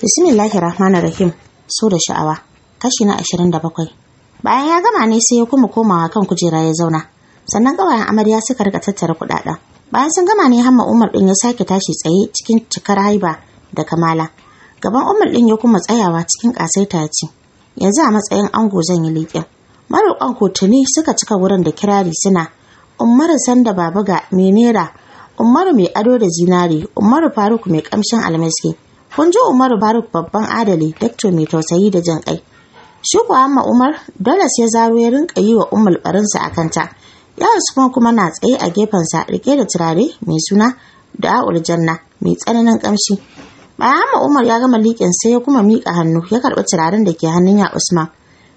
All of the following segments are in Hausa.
Bismillahir Rahmanir Rahim. So da sha'awa. Kashi na 27. Bayan ya gama ne sai ya kuma komawa kan kujera ya zauna. Sannan gawayen amarya suka rika tattara kudaden. Bayan sun gama ne Hamma Umar din ya sake tashi tsaye cikin cikar haiba da kamala. Gaban Umar din ya kuma tsayawa cikin kasaita ya ce, "Yanzu a matsayin ango zan yi leƙen." Maroƙan kotuni suka cika wurin da kirari suna, "Umaru sanda babuga ga menera, Umaru mai ado da zinari, Umaru Faruk mai kamshin almaski." Kun ji Umaru Baruk babban adali, dakto mai tausayi da jin kai. Shi kuwa Umar dole sai zaro ya rinka yi wa Ummul barinsa a kanta. Ya Usman kuma na tsaye a gefensa rike da turare mai suna da janna mai tsananin kamshi. Bayan amma Umar ya gama liƙin sai ya kuma miƙa hannu ya karɓi turaren da ke hannun ya Usman.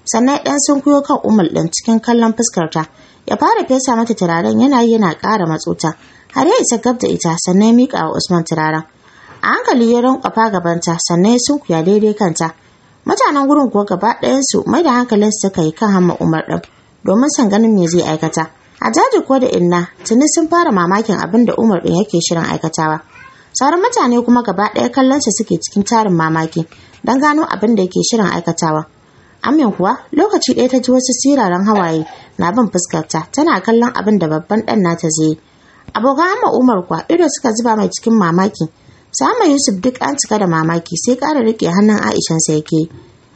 Sannan ɗan sun kuyo kan Ummul ɗin cikin kallon fuskarta. Ya fara fesa mata turaren yana yi yana ƙara matsuta. Har ya isa gab da ita sannan ya miƙa wa Usman turaren. a hankali ya kwafa gabanta sannan ya sunkuya daidai kanta mutanen gurin kuwa gaba ɗayansu mai da hankalin su suka yi kan hamma umar ɗin domin san ganin me zai aikata a jaji kuwa da inna tuni sun fara mamakin abin da umar ɗin yake shirin aikatawa sauran mutane kuma gaba ɗaya kallon su suke cikin tarin mamaki don gano abin da yake shirin aikatawa Amin kuwa lokaci ɗaya ta ji wasu siraran hawaye na bin fuskarta tana kallon abin da babban ɗan nata zai yi. Abokan Umar kuwa ido suka zuba mai cikin mamaki Sama Yusuf duk an cika da mamaki sai kara rike hannun Aishan sa yake.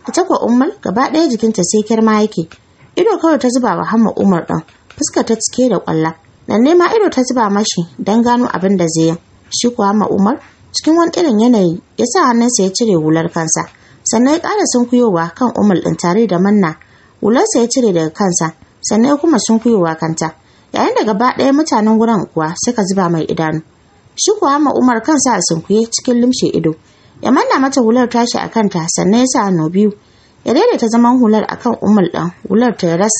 Ita kuwa Umar gaba ɗaya jikinta sai kirma yake. Ido kawai ta zuba wa Hamma Umar ɗin, fuska ta cike da ƙwalla. Nan ne ma ido ta zuba mashi don gano abin da zai yi. Shi kuwa Hamma Umar cikin wani irin yanayi ya sa hannunsa ya cire hular kansa. Sannan ya ƙara sunkuyowa kan Umar ɗin tare da Manna. Hularsa ya cire daga kansa, sannan ya kuma sunkuyowa kanta. Yayin da gaba ɗaya mutanen wurin kuwa suka zuba mai idanu. shi kuwa ma Umar kansa a sunkuye cikin limshe ido ya manna mata hular tashi a kanta sannan ya sa hannu biyu ya daidaita zaman hular akan Umar ɗan hular ta ras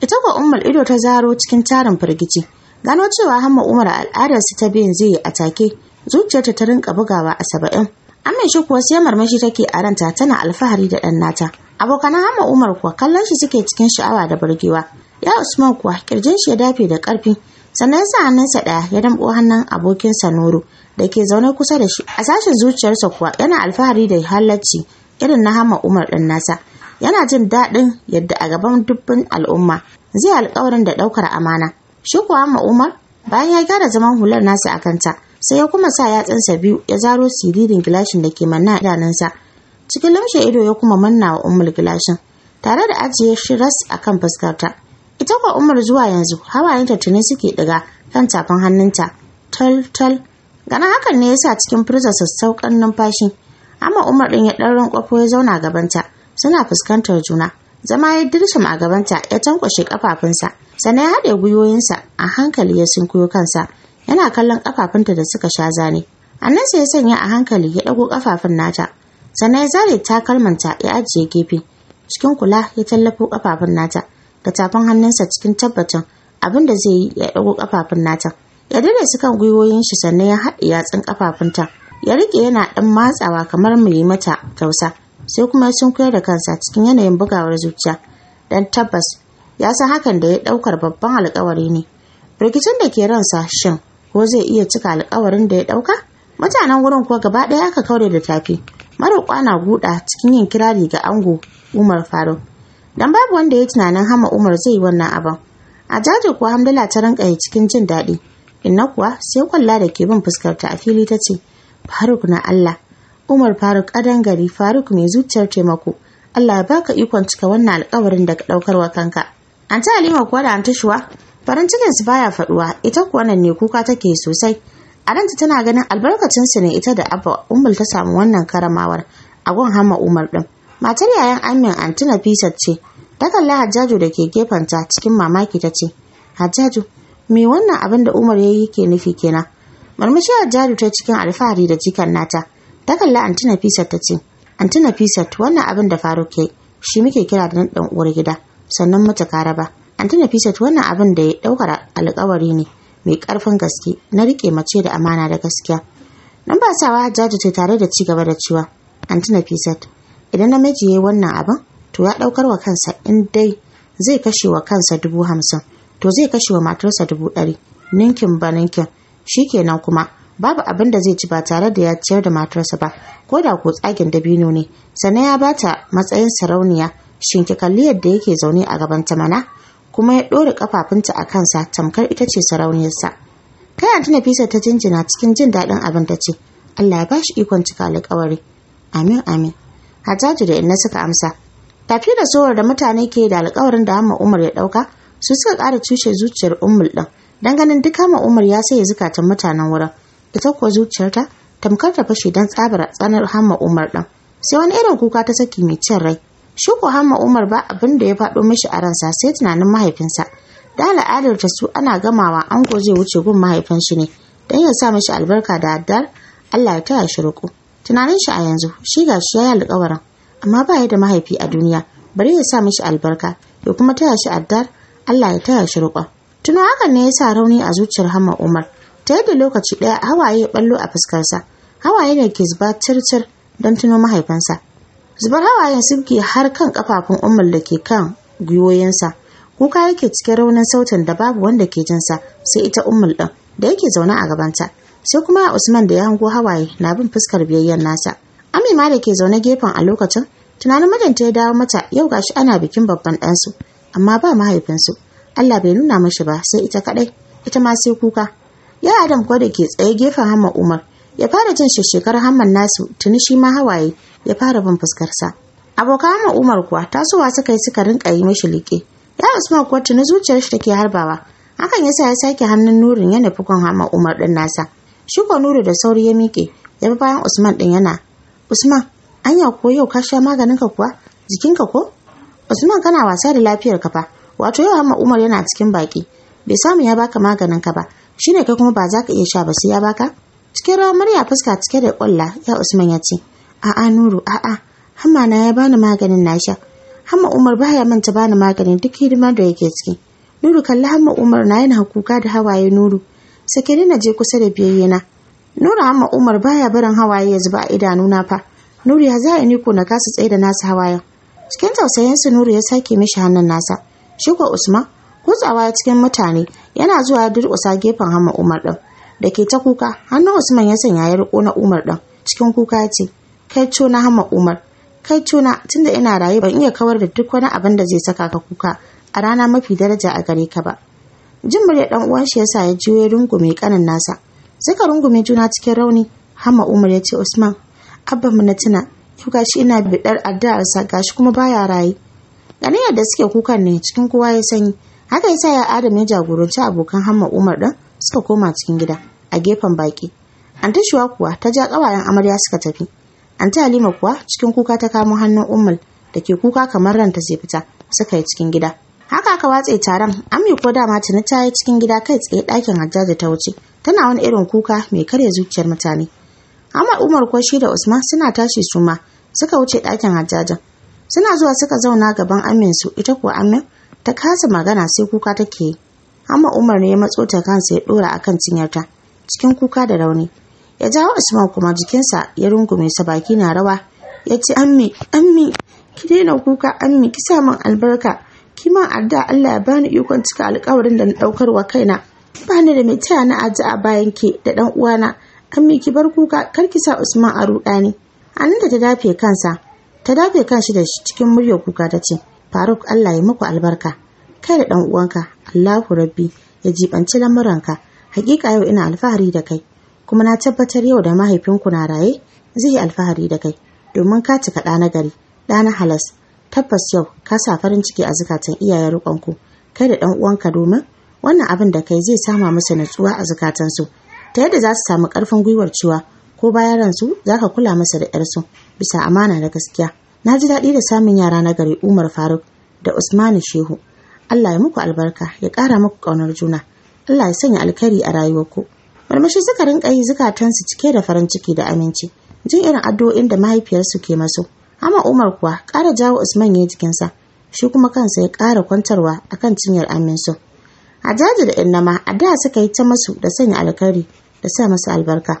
ita kuwa Umar ido ta zaro cikin tarin firgici gano cewa hamma Umar al'adar su ta biyan zai yi a take zuciyarta ta rinka bugawa a saba'in amin shi kuwa sai marmashi take a ranta tana alfahari da ɗan nata abokanan hamma Umar kuwa kallon shi suke cikin sha'awa da burgewa ya Usman kuwa kirjin shi ya dafe da ƙarfi sannan sa hannunsa ɗaya ya damɓo hannun abokinsa noro da ke zaune kusa da shi a sashen zuciyarsa kuwa yana alfahari da halacci irin na hama umar ɗin nasa yana jin daɗin yadda a gaban dubbin al'umma zai alƙawarin da ɗaukar amana shi kuwa hama umar bayan ya gyara zaman hular nasa a kanta sai ya kuma sa yatsansa biyu ya zaro siririn gilashin da ke manna idanunsa cikin lamshe ido ya kuma manna wa Umar gilashin tare da ajiye shi ras akan fuskarta ita kwa umar zuwa yanzu hawayenta tuni suke ɗiga kan tafin hannunta tal tal Gana hakan ne yasa cikin firza sassauƙan numfashi amma umar ɗin ya ɗan rankwafo ya zauna a gabanta suna fuskantar juna zama ya dirshin a gabanta ya tankwashe kafafunsa sannan ya haɗe gwiwoyinsa a hankali ya sunkuyo kansa yana kallon ƙafafunta da suka sha zane Annan sai ya sanya a hankali ya ɗago ƙafafun nata sannan ya zare takalmanta ya ajiye gefe cikin kula ya tallafo ƙafafun nata ga tafin hannunsa cikin tabbacin abin da zai yi ya ɗago ƙafafun nata ya dare su kan gwiwoyin shi sannan ya haɗe yatsun ta, ya riƙe yana ɗan matsawa kamar mu yi mata tausa sai kuma ya sunkuyar da kansa cikin yanayin bugawar zuciya dan tabbas ya san hakan da ya ɗaukar babban alƙawari ne rikicin da ke ransa shin ko zai iya cika alƙawarin da ya ɗauka mutanen wurin kuwa gaba ɗaya aka kaure da tafi maroƙwa na guda cikin yin kirari ga ango umar faruk dan babu wanda ya tunanin hama Umar zai yi wannan abin. A jaji kuwa Hamdala ta rinka yi cikin jin daɗi. Inna kuwa sai kwalla da ke bin fuskarta a fili ta ce, Faruk na Allah, Umar Faruk adan gari Faruk mai zuciyar taimako. Allah ya baka ikon cika wannan alkawarin da ka ɗaukar wa kanka. An ta Halima kuwa da an tashuwa, farin cikin su baya faɗuwa, ita kuwa nan ne kuka take sosai. A ranta tana ganin albarkacinsu ne ita da Abba Umar ta samu wannan karamawar a gun Hamma Umar ɗin. matar yayan amin anti nafisat ce ta kalli hajjaju da ke gefenta cikin mamaki ta ce hajjaju me wannan abin da umar ya yi ke nufi kenan murmushi hajjaju ta cikin alfahari da jikan nata ta kalli anti nafisat ta ce anti nafisat wannan abin da faru ke shi muke kira da nan dan uwar gida sannan mata karaba anti nafisat wannan abin da ya ɗaukar alkawari ne mai karfin gaske na rike mace da amana da gaskiya nan ba sawa hajjaju ta tare da ci gaba da cewa anti nafisat idan namiji ya yi wannan abin to ya ɗaukar wa kansa in dai zai kashe wa kansa dubu hamsin to zai kashe wa matarsa dubu ɗari ninkin ba ninkin kenan kuma babu abin da zai ci ba tare da ya ciyar da matarsa ba ko da ko tsagin dabino ne sannan ya bata matsayin sarauniya shin ki kalli yadda yake zaune a gaban ta mana kuma ya ɗore kafafunta a kansa tamkar ita ce sarauniyarsa kai anti nafisa ta jinjina cikin jin daɗin abin ta ce allah ya bashi ikon cika alƙawari amin amin Hajjaju da Inna suka amsa. Tafi da zuwar da mutane ke da alƙawarin da Hamma Umar ya ɗauka, su suka ƙara cushe zuciyar Ummul ɗin. Dan ganin duk Hamma Umar ya ya zukatan mutanen wurin. Ita kuwa zuciyarta tamkar ta fashe don tsabar tsanar Hamma Umar ɗin. Sai wani irin kuka ta saki mai cin rai. Shi ko Hamma Umar ba abin da ya faɗo mishi a ransa sai tunanin mahaifinsa. Da al'adar ta su ana gamawa ango zai wuce gun mahaifin shi ne. don ya sa mishi albarka da addar Allah ya taya shi ruku tunanin shi a yanzu shi ga shi yayi alƙawarin amma ba ya da mahaifi a duniya bari ya sa mishi albarka ya kuma taya shi addar Allah ya taya shi riƙon tuno hakan ne ya sa rauni a zuciyar Hamma Umar ta yadda lokaci ɗaya hawaye ya ballo a fuskarsa hawaye ne ke zuba tirtir don tuno mahaifinsa zubar hawayen subke har kan kafafun umar da ke kan gwiwoyinsa kuka yake cikin raunin sautin da babu wanda ke jinsa sai ita umar ɗin da yake zaune a gabanta sai kuma Usman da ya hango hawaye na bin fuskar biyayyen nasa Ami da ke zaune gefen a lokacin tunanin mijinta ya dawo mata yau gashi ana bikin babban ɗansu amma ba mahaifinsu Allah bai nuna mashi ba sai ita kaɗai ita ma sai kuka ya Adam kuwa da ke tsaye gefen Hamma Umar ya fara jin shekarar Hamman nasu tuni shi ma hawaye ya fara bin fuskarsa abokan Hamman Umar kuwa tasowa suka yi suka rinƙa yi mashi liƙe ya Usman kuwa tuni zuciyar shi take harbawa hakan yasa ya sake hannun nurin ya nufi kan Hamma Umar ɗin nasa shi nuru da sauri ya miƙe ya bi bayan usman ɗin yana usman anya ko yau ka sha maganin ka kuwa jikinka ko usman kana wasa da lafiyar ka fa wato yau amma umar yana cikin baki bai samu ya baka maganin ka ba shine kai kuma ba za ka iya sha ba sai ya baka cikin rawar murya fuska cike da kwalla ya usman ya ce a'a nuru a'a hamma na ya bani maganin na sha hamma umar baya manta bani maganin duk hidimar da yake ciki nuru kalli hamma umar na yana kuka da hawaye nuru sakiri na je kusa da biyayyena nura amma umar baya barin hawaye ya zuba a idanuna fa nuri ya zai ni ko na kasa tsaye da nasa hawayen cikin tausayin su nuri ya sake mishi hannun nasa shi ko usman kutsawa cikin mutane yana zuwa ya durƙusa gefen hannun umar din da ke ta kuka hannun usman ya sanya ya riko na umar din cikin kuka ya ce kai na hama umar kai na tunda ina raye ban iya kawar da duk wani abin da zai saka ka kuka a rana mafi daraja a gare ka ba jin murya dan uwan shi yasa ya jiyo ya rungume kanin nasa suka rungume juna cikin rauni hamma umar ya ce usman abba mu na tuna yau gashi ina bidar sa gashi kuma baya raye ganin yadda suke kukan ne cikin kowa ya sanyi haka yasa ya adam ya jagoranci abokan hamma umar din suka koma cikin gida a gefen baki anta shuwa kuwa ta ja kawayen amarya suka tafi anta halima kuwa cikin kuka ta kamo hannun umar da ke kuka kamar ranta zai fita suka yi cikin gida haka aka watse taron ami ko dama tuni ta yi cikin gida kai tsaye ɗakin hajjaji ta wuce tana wani irin kuka mai karya zuciyar mutane amma umar ko shi da usman suna tashi su ma suka wuce ɗakin hajjajin suna zuwa suka zauna gaban amin su ita ko amin ta kasa magana sai kuka take yi amma umar ne ya matso ta kansa ya ɗora a akan cinyarta cikin kuka da rauni ya jawo usman kuma jikinsa ya rungume sa baki na rawa ya ce ammi ammi ki daina kuka ammi ki sa min albarka kiman addu'a Allah ya bani ikon cika alkawarin da na daukar wa kaina bani da mai taya na a bayan ke da dan uwana an miki bar kuka kar ki sa Usman a ruɗa ni anan da ta dafe kansa ta dafe kanshi da shi cikin muryar kuka ta ce Faruk Allah ya muku albarka kai da dan uwanka Allahu Rabbi ya jibanci lamuranka hakika yau ina alfahari da kai kuma na tabbatar yau da mahaifinku na raye zai yi alfahari da kai domin ka cika ɗa na gari ɗa na halas tabbas yau ka sa farin ciki a zukatan iyayen ku. kai da ɗan uwanka domin wannan abin da kai zai sama musu natsuwa a su ta yadda za su samu ƙarfin gwiwar cewa ko bayan ransu za ka kula masa da 'yarsu bisa amana da gaskiya na ji daɗi da samun yara na gari umar faruk da Usmanu shehu allah ya muku albarka ya ƙara muku ƙaunar juna allah ya sanya alkhairi a rayuwarku marmashi suka rinƙa yi zukatansu cike da farin ciki da aminci jin irin addu'o'in da mahaifiyarsu ke masu Amma Umar kuwa ƙara jawo Usman ya jikinsa, shi kuma kansa ya ƙara kwantarwa akan cinyar Aminsu. a jaji da Innama a da suka yi ta masu da sanya alkari da sa masa albarka.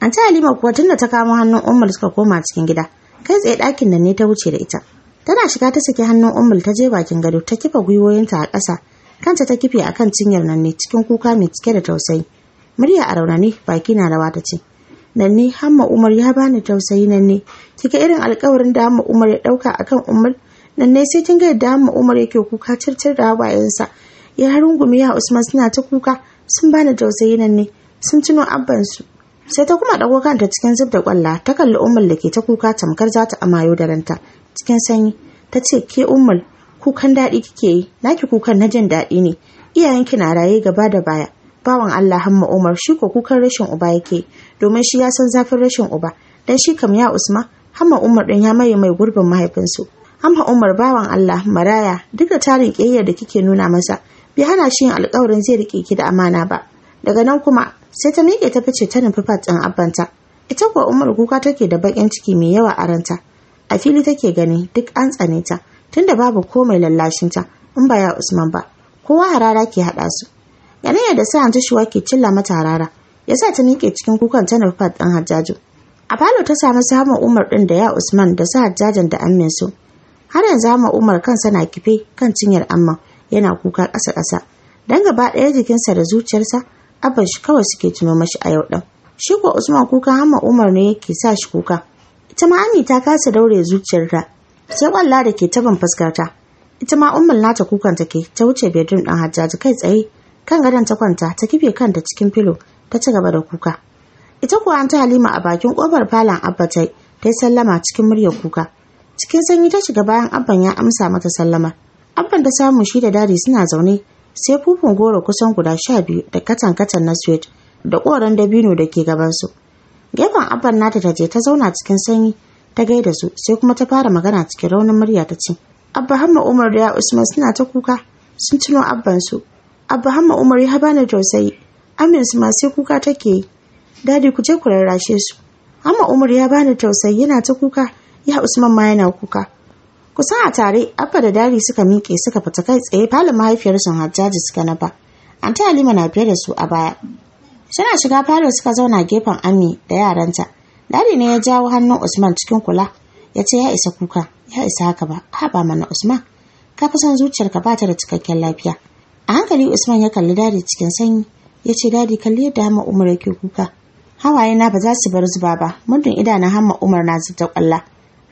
An ta Halima kuwa da ta kamo hannun Umar suka koma cikin gida, kai tsaye ɗakin nan ne ta wuce da ita. Tana shiga ta saki hannun Umar ta je bakin gado ta kifa gwiwoyinta a ƙasa, kanta ta kife akan cinyar nan ne cikin kuka mai cike da tausayi. Murya a raunani baki na rawa ta ce, nan ne hamma umar ya bani tausayi nan ne kika irin alkawarin da hamma umar ya dauka akan umar nan ne sai kin ga yadda hamma umar yake kuka circir da hawayensa ya rungume ya usman suna ta kuka sun bani tausayi nan ne sun tuno abbansu sai ta kuma dago kanta cikin zub da kwalla ta kalli umar da ke ta kuka tamkar za ta amayo da ranta cikin sanyi ta ce ke umar kukan daɗi kike yi naki kukan na jin daɗi ne iyayenki na raye gaba da baya bawan Allah hamma Umar shi ko kukan rashin uba yake domin shi ya san zafin rashin uba dan shi kam ya Usma hamma Umar din ya maye mai gurbin mahaifinsu hamma Umar bawan Allah maraya duk da tarin kiyayya da kike nuna masa bi hana shi yin alƙawarin zai rike ki da amana ba daga nan kuma sai ta miƙe ta fice ta nufi fatsin abbanta ita kuwa Umar kuka take da bakin ciki mai yawa a ranta a fili take gani duk an tsane ta tunda babu komai lallashin ta in ba ya Usman ba kowa harara ke haɗa su yanayin da sa'an Joshua ke cilla mata rara ya sa ta nike cikin kukan ta nufar ɗin hajjaju a falo ta samu samun umar ɗin da ya usman da sa hajjajin da amin su har yanzu hama umar kansa na kife kan cinyar amma yana kuka ƙasa ƙasa dan gaba ɗaya jikinsa da zuciyarsa abin shi kawai suke tuno mashi a yau ɗan. shi ko usman kuka hama umar ne yake sa shi kuka ita ma ami ta kasa daure zuciyarta sai kwalla da ke taban fuskarta ita ma umar nata kukan ke, ta wuce bedroom ɗin hajjaji kai tsaye kan gadon ta kwanta ta kife kanta cikin filo ta ci gaba da kuka ita kuwa an ta halima a bakin kofar falon abba ta yi sallama cikin muryar kuka cikin sanyi ta shiga bayan abban ya amsa mata sallama abban ta samu shi da dadi suna zaune sai fufun goro kusan guda sha biyu da katan katan na sweet da koren dabino da ke gabansu gefen abban nata ta je ta zauna cikin sanyi ta gaida su sai kuma ta fara magana cikin raunin murya ta ce abba hamma umar da ya usman suna ta kuka sun tuno abban su abba hamma umar ya bani tausayi amin su ma kuka take dadi ku je ku rarrashe su amma umar ya bani tausayi yana ta kuka ya usman ma yana kuka kusan a tare abba da dari suka miƙe suka fita kai tsaye falon mahaifiyar sun hajjaji suka na nafa anta halima na fiye da su a baya suna shiga falon suka zauna gefen ami da yaranta dari ne ya jawo hannun usman cikin kula ya ce ya isa kuka ya isa haka ba haɓa mana usman ka fi son zuciyarka ba ta da cikakken lafiya a hankali usman ya kalli dadi cikin sanyi ya ce dadi kalli yadda hama umar yake kuka hawaye na ba za su bar zuba ba muddin idanun hama umar na zubta kwalla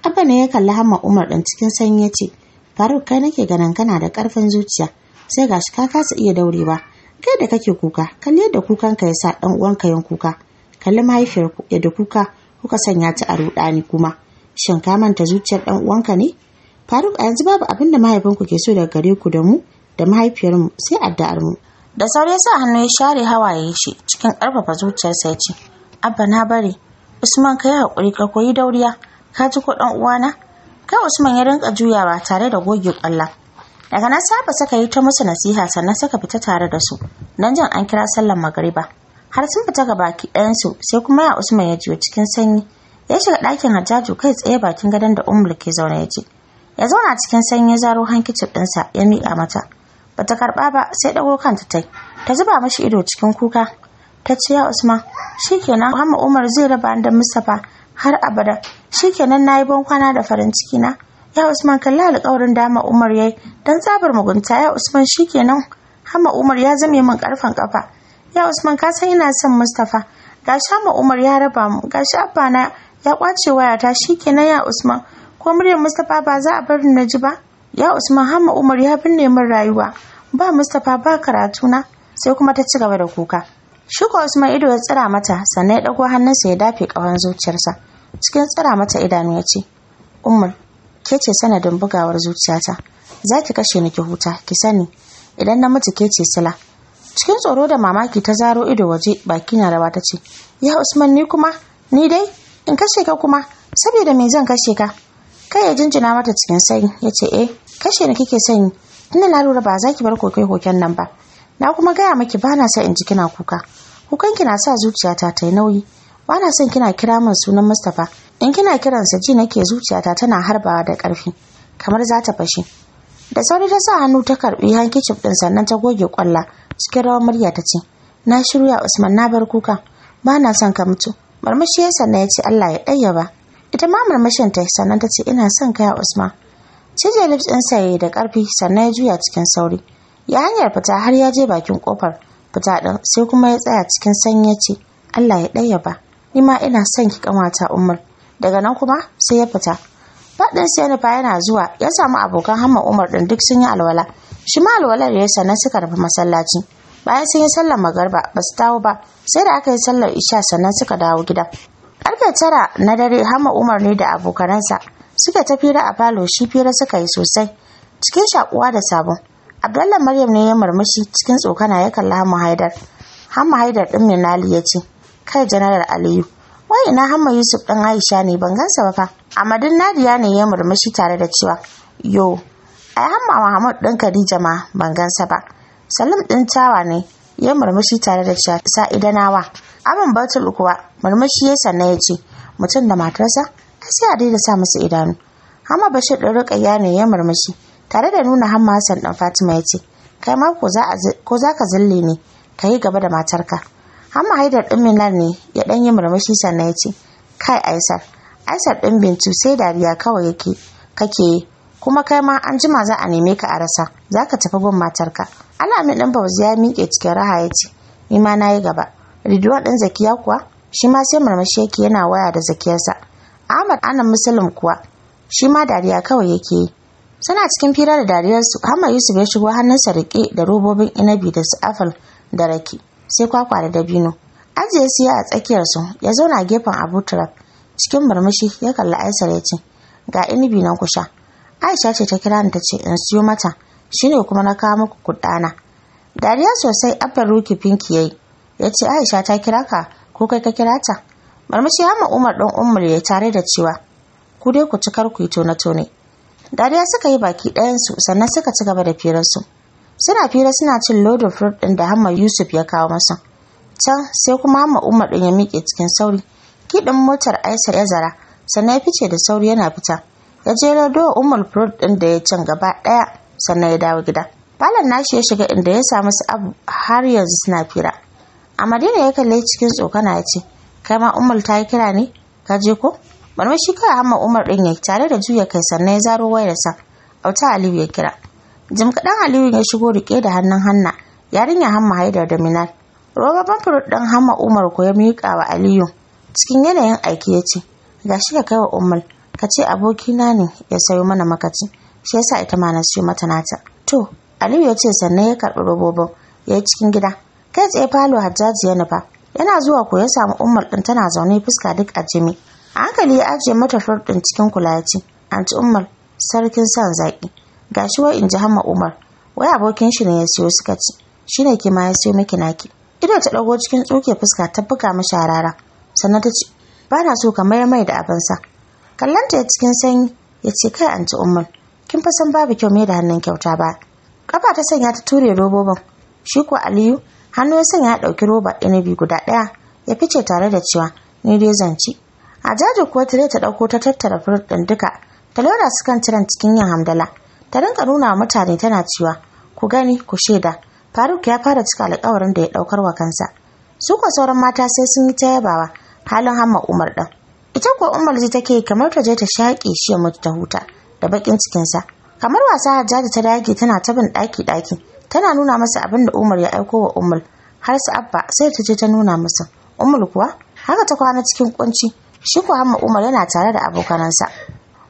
abba ne ya kalli hama umar ɗin cikin sanyi ya ce faruk kai nake ganin kana da karfin zuciya sai gashi ka kasa iya daurewa kai da kake kuka kalli yadda kukanka ya sa ɗan uwanka yin kuka kalli mahaifiyar yadda kuka kuka sanya ta a ruɗani kuma shin ka manta zuciyar ɗan uwanka ne faruk a yanzu babu abin da mahaifinku ke so daga gare ku da mu da mahaifiyarmu sai mu. da sauri sa hannu ya share hawaye shi cikin ƙarfafa zuciyarsa ya ce abba na bari usman ka yi haƙuri ka koyi dauriya ka ji ko ɗan uwana kai usman ya rinka juyawa tare da goge ƙwallon daga nan saba saka yi ta musu nasiha sannan saka fita tare da su nan jan an kira sallar magariba har sun fita ga baki ɗayansu sai kuma ya usman ya jiyo cikin sanyi ya shiga ɗakin hajjaju kai tsaye bakin gadon da umar ke zaune ya ce ya zauna cikin sanyi ya zaro hankicin ɗinsa ya miƙa mata bata karba ba sai dago kanta tai ta zuba mashi ido cikin kuka ta ce ya Usman shikenan Muhammad Umar zai raba da Mustapha har abada shikenan nayi ban kwana da farin ciki na ya Usman kalli alƙawarin dama Umar yayi dan tsabar mugunta ya Usman shikenan Hama Umar ya zame min karfan kafa ya Usman ka san ina son Mustapha sha Hama Umar ya raba mu sha abba na ya kwace wayata shikenan ya Usman ko muryar Mustapha ba za a bar na ji ba ya usman hamma umar ya binne min rayuwa ba mustapha ba karatuna sai kuma ta ci gaba da kuka shuka usman ido ya tsira mata sannan ya ɗago hannunsa ya dafe ƙawan zuciyarsa cikin tsira mata idanu ya ce umar ke ce sanadin bugawar zuciyata za ki kashe ni ki huta ki sani idan na mutu ke ce sila cikin tsoro da mamaki ta zaro ido waje baki na rawa ta ce ya usman ni kuma ni dai in kashe ka kuma saboda me zan kashe ka kai ya jinjina mata cikin sanyi ya ce eh kashe da kike son yi tunda na lura ba za ki bar koke koken nan ba na kuma gaya maki ba na sa in ji kina kuka kukan ki na sa zuciyata ta yi nauyi ba na son kina kira min sunan mustapha in kina kiransa ji nake zuciyata tana harbawa da ƙarfi kamar za ta fashe da sauri ta sa hannu ta karbi hankicin din sannan ta goge kwalla cikin rawar murya ta ce na shirya usman na bar kuka ba na son ka mutu marmashi ya sannan ya ce allah ya ɗayyaba ita ma marmashin ta sannan ta ce ina son ka ya usman cije lips sa ya da ƙarfi sannan ya juya cikin sauri ya hanyar fita har ya je bakin ƙofar fita ɗin sai kuma ya tsaya cikin sanyi ya ce allah ya ɗaya ba ni ma ina son ki kamata umar daga nan kuma sai ya fita faɗin sai nufa yana zuwa ya samu abokan hamma umar ɗin duk sun yi alwala shi ma alwalar ya sannan suka rufe masallaci bayan sun yi sallar magarba ba su dawo ba sai da aka yi sallar isha sannan suka dawo gida karfe tara na dare hamma umar ne da abokanansa Suke ta fira a falo shi fira suka yi sosai cikin shakuwa da sabon abdallah maryam ne ya murmushi cikin tsokana ya kalla hamma haidar hamma haidar din minali ya ce kai janaral aliyu wai ina hamma yusuf din aisha ne ban gansa ba fa amadin nadiya ne ya murmushi tare da cewa yo ai hamma muhammad din khadija ma ban gansa ba salim din tawa ne ya murmushi tare da cewa sa'idanawa abin batul kuwa murmushi ya sanna ya ce mutum da matarsa sai a daina sa masu idanu hama bashir ɗin rika ne ya murmushi tare da nuna hamma hassan ɗan fatima ya ce kai ma ko za ka zille ne ka yi gaba da matarka hamma haidar ɗin minar ne ya ɗan yi murmushi sannan ya ce kai aisar aisar ɗin bintu sai dariya kawai yake kake kuma kai ma an jima za a neme ka a rasa za ka tafi gun matarka alamin ɗin bauzi ya miƙe cikin raha ya ce ni ma na yi gaba riduwan ɗin zakiya kuwa shi ma sai murmushi yake yana waya da zakiyarsa Ahmad Anan Musulun kuwa shi ma dariya kawai yake yi. Suna cikin fira da dariyarsu Ahmad Yusuf ya shigo hannunsa riƙe da robobin inabi da su afal da rake sai kwakwa da dabino. Ajiye siya a tsakiyarsu ya zauna gefen Abu Turab cikin murmushi ya kalli Aisar ya ce ga inabi nan kusha. Aisha ce ta kira ni ta ce in siyo mata Shi ne kuma na kawo muku kuɗana. Dariya sosai Abba Ruki Pinki yi. ya ce Aisha ta kira ka ko kai ka kira ta. marmashi hama umar ɗan umar ya tare da cewa ku dai ku ci kar ku yi tone tone dariya suka yi baki ɗayansu sannan suka ci gaba da firarsu suna fira suna cin lodin fruit ɗin da hamma yusuf ya kawo masa can sai kuma hamma umar ɗin ya miƙe cikin sauri kiɗin motar Aisha ya zara sannan ya fice da sauri yana fita ya je rado umar fruit ɗin da ya can gaba ɗaya sannan ya dawo gida falon nashi ya shiga inda ya samu su abu har yanzu suna fira a madina ya kalle cikin tsokana ya ce kai ma Umar ta yi kira ne ka je ko marmashi kai hamma umar din ya tare da juya kai sannan ya zaro sa auta aliyu ya kira jim kadan aliyu ya shigo rike da hannun hanna yarinya hamma haidar da minar roba banfurut ɗin hamma umar ko ya miƙa wa aliyu cikin yanayin aiki ya ce gashi ka kai wa umar ka ce abokina ne ya sayo mana makaci shi yasa ita ma na siyo mata nata to aliyu ya ce sannan ya karɓi robobin ya yi cikin gida kai tsaye falo hajjaji ya nufa yana zuwa ko ya samu ummar ɗin tana zaune fuska duk a jimi a hankali ya ajiye mata fur ɗin cikin kula ya ce anti ummar sarkin san zaƙi gashi wai in ji Hama umar wai abokin shi ne ya siyo suka ci shi ne kima ya siyo miki naki ido ta dago cikin tsuke fuska ta buga masa rara sannan ta ce ba na so ka mayar mai da abin sa. kallanta ya cikin sanyi ya ce kai anti Umar. kin fa san babu kyau mai da hannun kyauta ba kafa ta sanya ta ture robobin shi ko aliyu hannu ya sanya ya ɗauki roba inabi guda ɗaya ya fice tare da cewa ni dai zanci a jaji kuwa tare ta ɗauko ta tattara furut ɗin duka ta lura su kan tiran cikin yin hamdala ta rinka nuna wa mutane tana cewa ku gani ku shaida faruk ya fara cika alkawarin da ya ɗaukar wa kansa su ko sauran mata sai sun yi ta yabawa halin hamma umar ɗin ita kuwa umar ji take kamar ta je ta shaƙe shi ya mutu ta huta da baƙin cikinsa kamar wasa hajjaji ta dage tana ta bin ɗaki ɗaki tana nuna masa abin da umar ya aiko wa ummul har su abba sai ta je ta nuna masa umar kuwa haka ta kwana cikin kunci shi kuwa hamma umar yana tare da abokanansa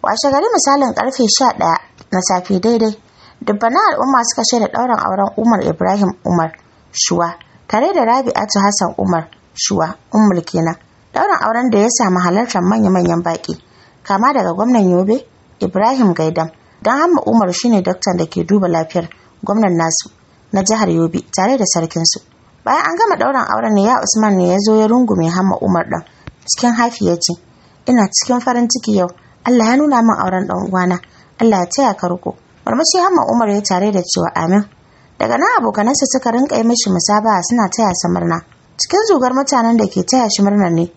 washe gari misalin karfe sha ɗaya na safe daidai dubbana al'umma suka shaida ɗaurin auren umar ibrahim umar shuwa tare da rabi'atu hassan umar shuwa umar kenan ɗaurin auren da ya samu halartar manya-manyan baƙi kama daga gwamnan yobe ibrahim gaidam don hamma umar shine daktan da ke duba lafiyar gwamnan nasu na jihar yobe tare da sarkinsu bayan an gama ɗaurin auren ne ya usman ne ya zo ya rungume hamma umar ɗan cikin hafi ya ce ina cikin farin ciki yau allah ya nuna min auren ɗan uwana allah ya taya ka riko murmushi hamma umar ya tare da cewa amin daga nan abokanansa suka rinka yi mishi musabaha suna taya sa murna cikin zugar mutanen da ke taya shi murnar ne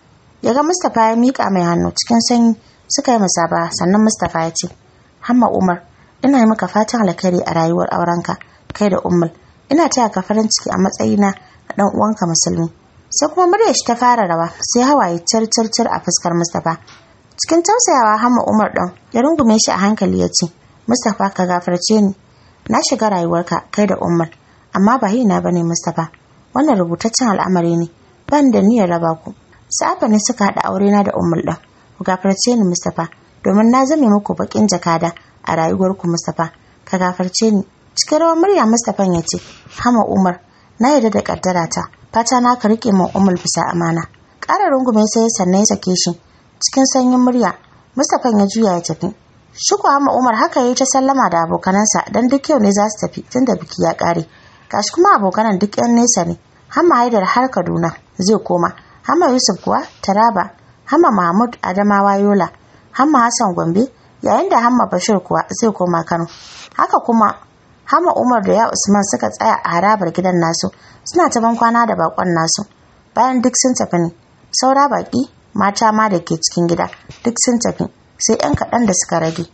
ya ga mustapha ya mika mai hannu cikin sanyi suka yi musabaha sannan mustapha ya ce hamma umar ina maka fatan alkhairi a rayuwar aurenka kai da ummul ina taya ka farin ciki a matsayina na dan uwanka musulmi sai kuma murya shi ta fara rawa sai hawaye car a fuskar Mustapha cikin tausayawa hamma Umar ɗan ya rungume shi a hankali ya ce Mustapha ka gafarce ni na shiga rayuwarka kai da Umar amma ba hina bane Mustapha wannan rubutaccen al'amari ne ban da niyyar raba ku safa ne suka haɗa aure na da Umar ɗan ku gafarce ni Mustapha domin na zame muku bakin jakada a rayuwar ku Mustapha ka gafarce ni cikin rawar murya Mustapha ya ce hama Umar na yarda da kaddara ta fata na ka rike min Umar bisa amana ƙara rungume sai ya sannan ya sake shi cikin sanyin murya Mustapha ya juya ya tafi Shuku hama Umar haka yayi ta sallama da abokanansa dan duk yau ne za su tafi tunda biki ya ƙare gashi kuma abokanan duk 'yan nesa ne hama haidar har kaduna zai koma hama yusuf kuwa taraba hama mahmud adamawa yola hama hassan gombe yayin da hamma bashir kuwa zai koma kano haka kuma hama umar da ya usman suka tsaya a harabar gidan nasu suna ta kwana da bakon nasu bayan duk sun tafi ne saura baki mata ma da ke cikin gida duk sun tafi sai yan kaɗan da suka rage